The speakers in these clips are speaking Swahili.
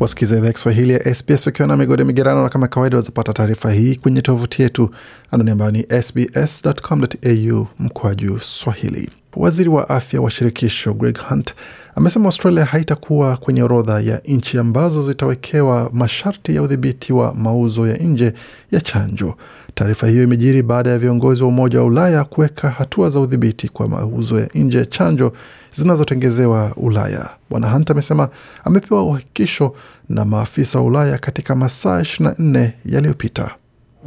Wasikiza idhaa ya Kiswahili ya SBS wakiwa na migode migerano, na kama kawaida wazapata taarifa hii kwenye tovuti yetu anani ambayo ni sbs.com.au juu swahili. Waziri wa afya wa shirikisho Greg Hunt amesema Australia haitakuwa kwenye orodha ya nchi ambazo zitawekewa masharti ya udhibiti wa mauzo ya nje ya chanjo. Taarifa hiyo imejiri baada ya viongozi wa Umoja wa Ulaya kuweka hatua za udhibiti kwa mauzo ya nje ya chanjo zinazotengezewa Ulaya. Bwana Hunt amesema amepewa uhakikisho na maafisa wa Ulaya katika masaa 24 yaliyopita.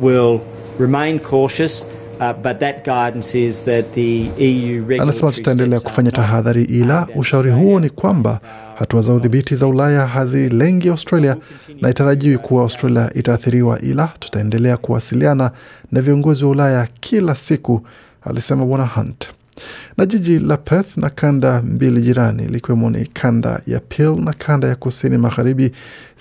We'll remain cautious Uh, e Anasema tutaendelea kufanya tahadhari, ila ushauri huo ni kwamba hatua za udhibiti za Ulaya hazilengi Australia na itarajiwi kuwa Australia itaathiriwa, ila tutaendelea kuwasiliana na viongozi wa Ulaya kila siku, alisema Bwana Hunt na jiji la Perth na kanda mbili jirani likiwemo ni kanda ya Peel na kanda ya kusini magharibi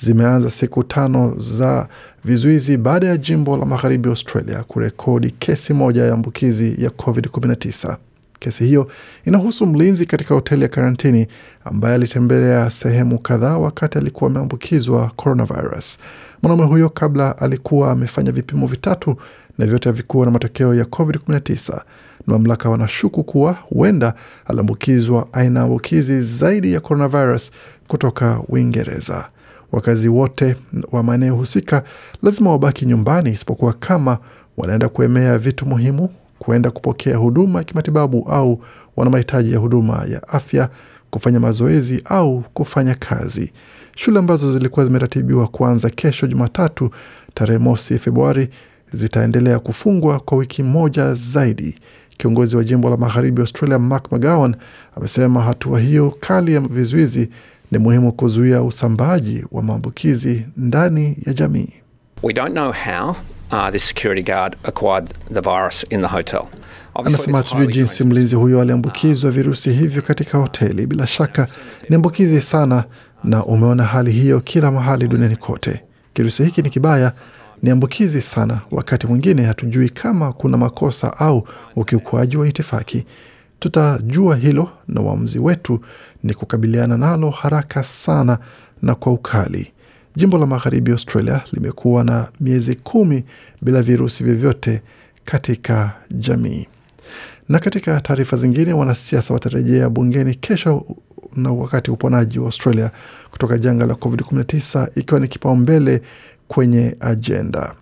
zimeanza siku tano za vizuizi baada ya jimbo la magharibi Australia kurekodi kesi moja ya ambukizi ya COVID-19. Kesi hiyo inahusu mlinzi katika hoteli ya karantini ambaye alitembelea sehemu kadhaa wakati alikuwa ameambukizwa coronavirus. Mwanaume huyo kabla alikuwa amefanya vipimo vitatu na vyote havikuwa na matokeo ya COVID-19. Mamlaka wanashuku kuwa huenda aliambukizwa aina ambukizi zaidi ya coronavirus kutoka Uingereza. Wakazi wote wa maeneo husika lazima wabaki nyumbani, isipokuwa kama wanaenda kuemea vitu muhimu, kuenda kupokea huduma ya kimatibabu au wana mahitaji ya huduma ya afya, kufanya mazoezi au kufanya kazi. Shule ambazo zilikuwa zimeratibiwa kuanza kesho Jumatatu tarehe mosi Februari zitaendelea kufungwa kwa wiki moja zaidi Kiongozi wa jimbo la magharibi Australia, Mark McGowan, amesema hatua hiyo kali ya vizuizi ni muhimu kuzuia usambaaji wa maambukizi ndani ya jamii. Anasema hatujui jinsi mlinzi huyo aliambukizwa virusi hivyo katika hoteli. Bila shaka ni ambukizi sana, na umeona hali hiyo kila mahali duniani kote. Kirusi hiki ni kibaya ni ambukizi sana. Wakati mwingine hatujui kama kuna makosa au ukiukwaji wa itifaki. Tutajua hilo na uamuzi wetu ni kukabiliana nalo haraka sana na kwa ukali. Jimbo la magharibi Australia limekuwa na miezi kumi bila virusi vyovyote katika jamii. Na katika taarifa zingine, wanasiasa watarejea bungeni kesho na wakati uponaji wa Australia kutoka janga la COVID-19 ikiwa ni kipaumbele kwenye ajenda.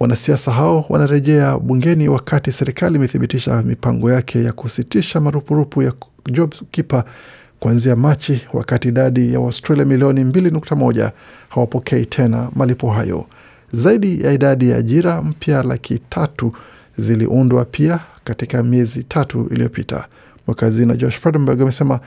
Wanasiasa hao wanarejea bungeni wakati serikali imethibitisha mipango yake ya kusitisha marupurupu ya JobKeeper kuanzia Machi, wakati idadi ya Waustralia milioni 2.1 hawapokei tena malipo hayo. Zaidi ya idadi ya ajira mpya laki tatu ziliundwa pia katika miezi tatu iliyopita. Mwakazina Josh Frydenberg amesema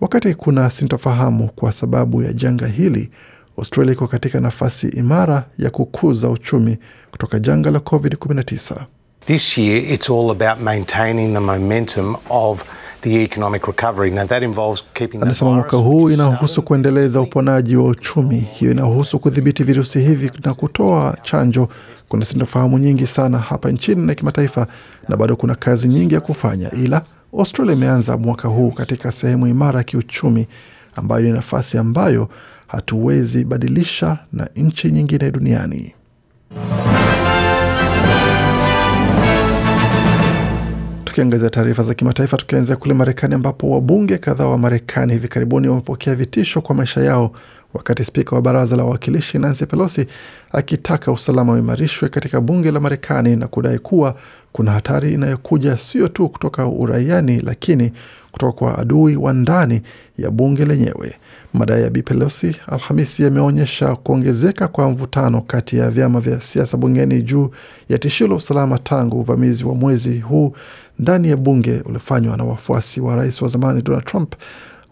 wakati kuna sintofahamu kwa sababu ya janga hili, Australia iko katika nafasi imara ya kukuza uchumi kutoka janga la COVID-19. This year it's all about maintaining the momentum of the economic recovery. Now that involves keeping Anasema mwaka huu inahusu kuendeleza uponaji wa uchumi. Hiyo inahusu kudhibiti virusi hivi na kutoa chanjo. Kuna sintofahamu nyingi sana hapa nchini na kimataifa, na bado kuna kazi nyingi ya kufanya, ila Australia imeanza mwaka huu katika sehemu imara ya kiuchumi ambayo ni nafasi ambayo hatuwezi badilisha na nchi nyingine duniani. Tukiangazia taarifa za kimataifa, tukianzia kule Marekani ambapo wabunge kadhaa wa Marekani hivi karibuni wamepokea vitisho kwa maisha yao wakati spika wa baraza la wawakilishi Nancy Pelosi akitaka usalama uimarishwe katika bunge la Marekani na kudai kuwa kuna hatari inayokuja sio tu kutoka uraiani, lakini kutoka kwa adui wa ndani ya bunge lenyewe. Madai ya Bi Pelosi Alhamisi yameonyesha kuongezeka kwa mvutano kati ya vyama vya siasa bungeni juu ya tishio la usalama tangu uvamizi wa mwezi huu ndani ya bunge uliofanywa na wafuasi wa rais wa zamani Donald Trump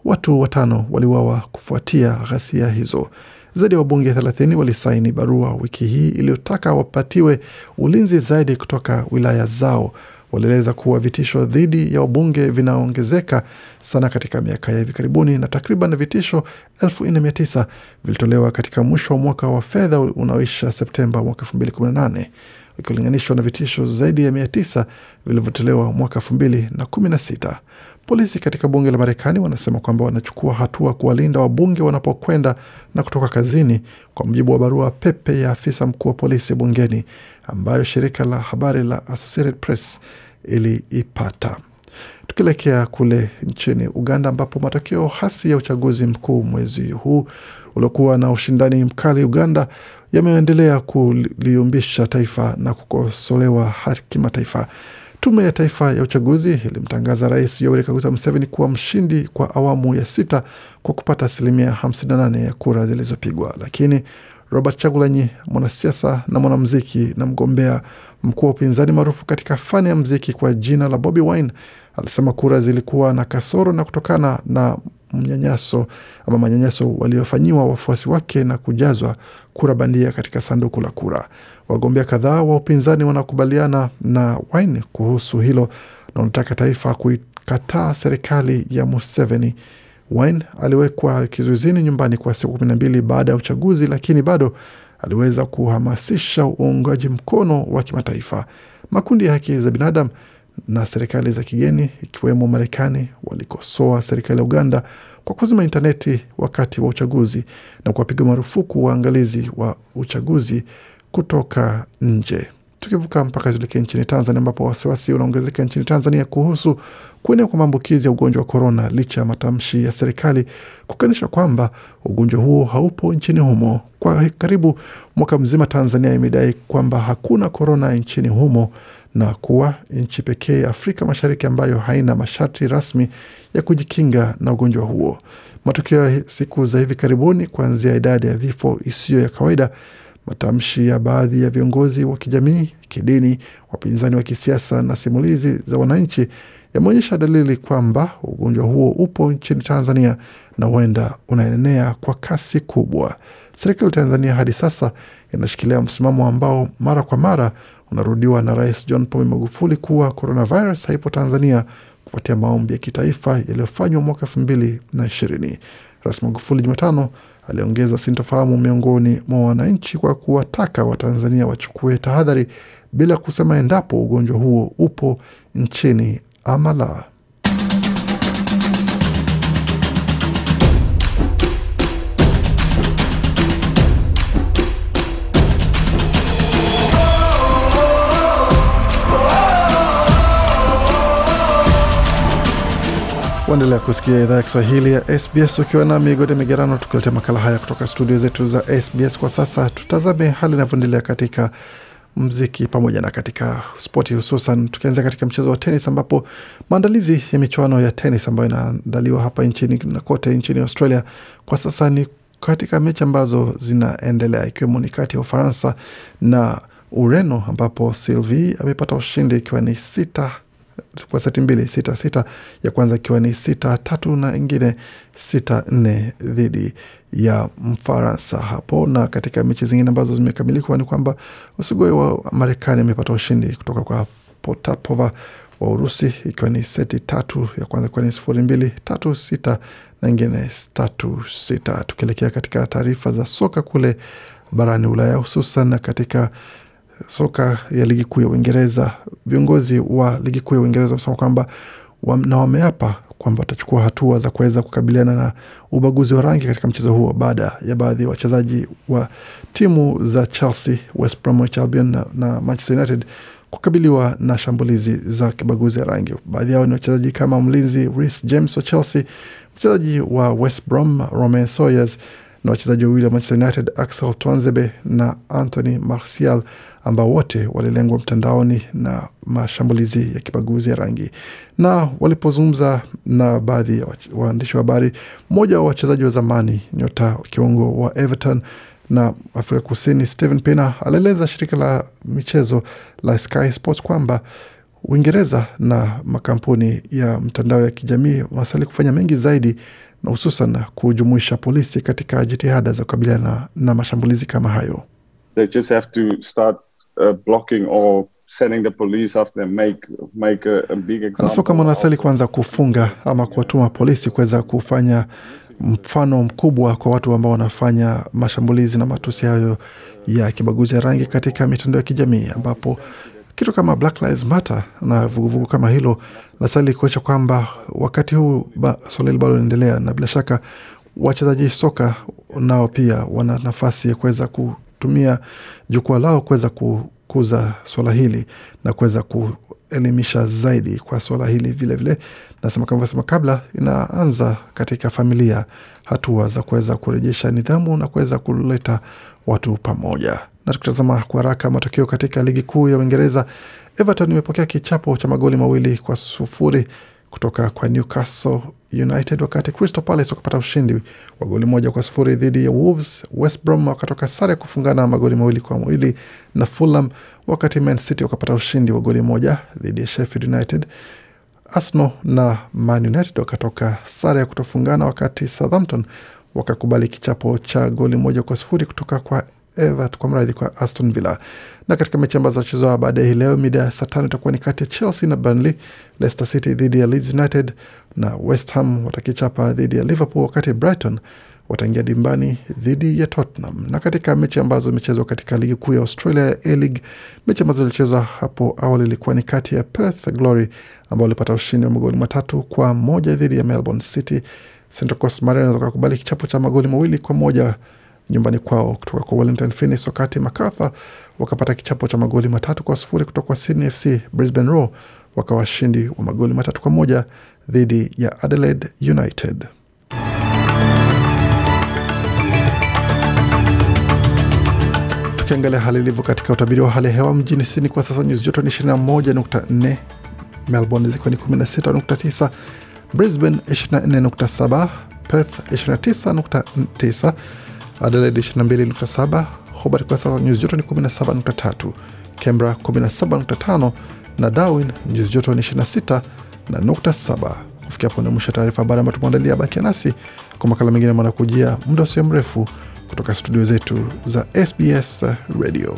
Watu watano waliwawa kufuatia ghasia hizo. Zaidi ya wabunge 30 walisaini barua wiki hii iliyotaka wapatiwe ulinzi zaidi kutoka wilaya zao. Walieleza kuwa vitisho dhidi ya wabunge vinaongezeka sana katika miaka ya hivi karibuni na takriban vitisho 49 vilitolewa katika mwisho wa mwaka wa fedha unaoisha Septemba mwaka 2018 ikilinganishwa na vitisho zaidi ya mia tisa vilivyotolewa mwaka elfu mbili na kumi na sita. Polisi katika bunge la Marekani wanasema kwamba wanachukua hatua kuwalinda wabunge wanapokwenda na kutoka kazini, kwa mujibu wa barua pepe ya afisa mkuu wa polisi bungeni ambayo shirika la habari la Associated Press iliipata. Tukielekea kule nchini Uganda, ambapo matokeo hasi ya uchaguzi mkuu mwezi huu uliokuwa na ushindani mkali Uganda yameendelea kuliumbisha taifa na kukosolewa kimataifa. Tume ya Taifa ya Uchaguzi ilimtangaza Rais Yoweri Kaguta Museveni kuwa mshindi kwa awamu ya sita kwa kupata asilimia 58 ya kura zilizopigwa, lakini Robert Chagulanyi, mwanasiasa na mwanamziki na mgombea Mkuu wa upinzani maarufu katika fani ya mziki kwa jina la Bobi Wine alisema kura zilikuwa na kasoro na kutokana na mnyanyaso ama manyanyaso waliofanyiwa wafuasi wake na kujazwa kura bandia katika sanduku la kura. Wagombea kadhaa wa upinzani wanakubaliana na Wine kuhusu hilo na wanataka taifa kuikataa serikali ya Museveni Wayne aliwekwa kizuizini nyumbani kwa siku kumi na mbili baada ya uchaguzi, lakini bado aliweza kuhamasisha uungaji mkono wa kimataifa. Makundi ya haki za binadamu na serikali za kigeni ikiwemo Marekani walikosoa serikali ya Uganda kwa kuzima intaneti wakati wa uchaguzi na kuwapiga marufuku waangalizi wa uchaguzi kutoka nje. Tukivuka mpaka tuelekee nchini Tanzania, ambapo wasiwasi unaongezeka nchini Tanzania kuhusu kuenea kwa maambukizi ya ugonjwa wa korona, licha ya matamshi ya serikali kukanisha kwamba ugonjwa huo haupo nchini humo. Kwa karibu mwaka mzima, Tanzania imedai kwamba hakuna korona nchini humo na kuwa nchi pekee Afrika Mashariki ambayo haina masharti rasmi ya kujikinga na ugonjwa huo. Matukio ya siku za hivi karibuni, kuanzia idadi ya vifo isiyo ya kawaida matamshi ya baadhi ya viongozi wa kijamii, kidini, wapinzani wa kisiasa na simulizi za wananchi yameonyesha dalili kwamba ugonjwa huo upo nchini Tanzania na huenda unaenea kwa kasi kubwa. Serikali ya Tanzania hadi sasa inashikilia msimamo ambao mara kwa mara unarudiwa na Rais John Pombe Magufuli kuwa coronavirus haipo Tanzania, kufuatia maombi ya kitaifa yaliyofanywa mwaka elfu mbili na ishirini. Rais Magufuli Jumatano aliongeza sintofahamu miongoni mwa wananchi kwa kuwataka Watanzania wachukue tahadhari bila kusema endapo ugonjwa huo upo nchini ama la. Waendelea kusikia idhaa ya Kiswahili ya SBS ukiwa na migode migerano, tukiletea makala haya kutoka studio zetu za SBS. Kwa sasa tutazame hali inavyoendelea katika mziki pamoja na katika spoti, hususan tukianzia katika mchezo wa tenis, ambapo maandalizi ya michuano ya tenis ambayo inaandaliwa hapa nchini na kote nchini Australia kwa sasa ni katika mechi ambazo zinaendelea, ikiwemo ni kati ya Ufaransa na Ureno, ambapo Sylvie amepata ushindi ikiwa ni sita kwa seti mbili sita sita, ya kwanza ikiwa ni sita tatu na ingine sita nne dhidi ya Mfaransa hapo. Na katika mechi zingine ambazo zimekamilikwa ni kwamba Usugoi wa Marekani amepata ushindi kutoka kwa Potapova wa Urusi ikiwa ni seti tatu, ya kwanza ikiwa ni sifuri mbili tatu sita na ingine tatu sita. Tukielekea katika taarifa za soka kule barani Ulaya, hususan katika soka ya ligi kuu ya Uingereza, viongozi wa ligi kuu ya Uingereza wamesema kwamba wa, na wameapa kwamba watachukua hatua za kuweza kukabiliana na ubaguzi wa rangi katika mchezo huo baada ya baadhi ya wachezaji wa timu za Chelsea, West Bromwich Albion na, na Manchester United kukabiliwa na shambulizi za kibaguzi ya rangi. Baadhi yao ni wachezaji kama mlinzi Reece James wa Chelsea, mchezaji wa West Brom soyers Sawyers na wachezaji wawili wa Manchester United, Axel Tuanzebe na Anthony Martial, ambao wote walilengwa mtandaoni na mashambulizi ya kibaguzi ya rangi. Na walipozungumza na baadhi ya waandishi wa habari, mmoja wa wachezaji wa zamani, nyota kiungo wa Everton na Afrika Kusini, Steven Pienaar alieleza shirika la michezo la Sky Sports kwamba Uingereza na makampuni ya mtandao ya kijamii wanastahili kufanya mengi zaidi na hususan kujumuisha polisi katika jitihada za kukabiliana na, na mashambulizi kama hayo. They just have to start, uh, blocking or sending the police after make, make a, a big example. Anasema kama wanastahili kuanza kufunga ama kuwatuma polisi kuweza kufanya mfano mkubwa kwa watu ambao wanafanya mashambulizi na matusi hayo ya kibaguzi ya rangi katika mitandao ya kijamii ambapo kitu kama Black Lives Matter na vuguvugu kama hilo nasali kuonyesha kwamba wakati huu ba, swala hili bado linaendelea, na bila shaka wachezaji soka nao pia wana nafasi ya kuweza kutumia jukwaa lao kuweza kukuza swala hili na kuweza kuelimisha zaidi kwa swala hili vilevile. Nasema kama vyosema kabla, inaanza katika familia, hatua za kuweza kurejesha nidhamu na kuweza kuleta watu pamoja. Na tukitazama kwa haraka matokeo katika ligi kuu ya Uingereza, Everton imepokea kichapo cha magoli mawili kwa sufuri kutoka kwa Newcastle United, wakati Crystal Palace wakapata ushindi wa goli moja kwa sufuri dhidi ya Wolves. West Brom wakatoka sare ya kufungana magoli mawili kwa mawili na Fulham, wakati Man City wakapata ushindi wa goli moja dhidi ya Sheffield United. Arsenal na Man United wakatoka sare ya kutofungana, wakati Southampton wakakubali kichapo cha goli moja kwa sufuri kutoka kwa Everton, kwa mradhi kwa Aston Villa. Na katika mechi ambazo wachezewa baadaye hii leo mida ya saa tano itakuwa ni kati ya Chelsea na Burnley, Leicester City dhidi ya Leeds United na West Ham watakichapa dhidi ya Liverpool, wakati Brighton wataingia dimbani dhidi ya Tottenham. Na katika mechi ambazo imechezwa katika ligi kuu ya Australia ya A-League, mechi ambazo ilichezwa hapo awali ilikuwa ni kati ya Perth Glory ambao walipata ushindi wa magoli matatu kwa moja dhidi ya Melbourne City. Central Coast Mariners wakakubali kichapo cha magoli mawili kwa moja nyumbani kwao kutoka kwa Wellington Phoenix, wakati Makatha wakapata kichapo cha magoli matatu kwa sufuri kutoka kwa Sydney FC. Brisbane Roar wakawa washindi wa magoli matatu kwa moja dhidi ya Adelaide United. Tukiangalia hali ilivyo katika utabiri wa hali ya hewa mjini Sydney kwa sasa nyuzi joto ni 21.4, Melbourne zikiwa ni 16.9, Brisbane 24.7, Perth 29.9 Adelaide 22.7, Hobart kwa sasa nyuzi joto ni 17.3, Canberra 17.5 na Darwin nyuzi joto ni 26 na nukta 7. Kufikia hapo ni mwisho taarifa habari ambayo tumeandalia. Bakia nasi kwa makala mengine manakujia muda usio mrefu kutoka studio zetu za SBS Radio.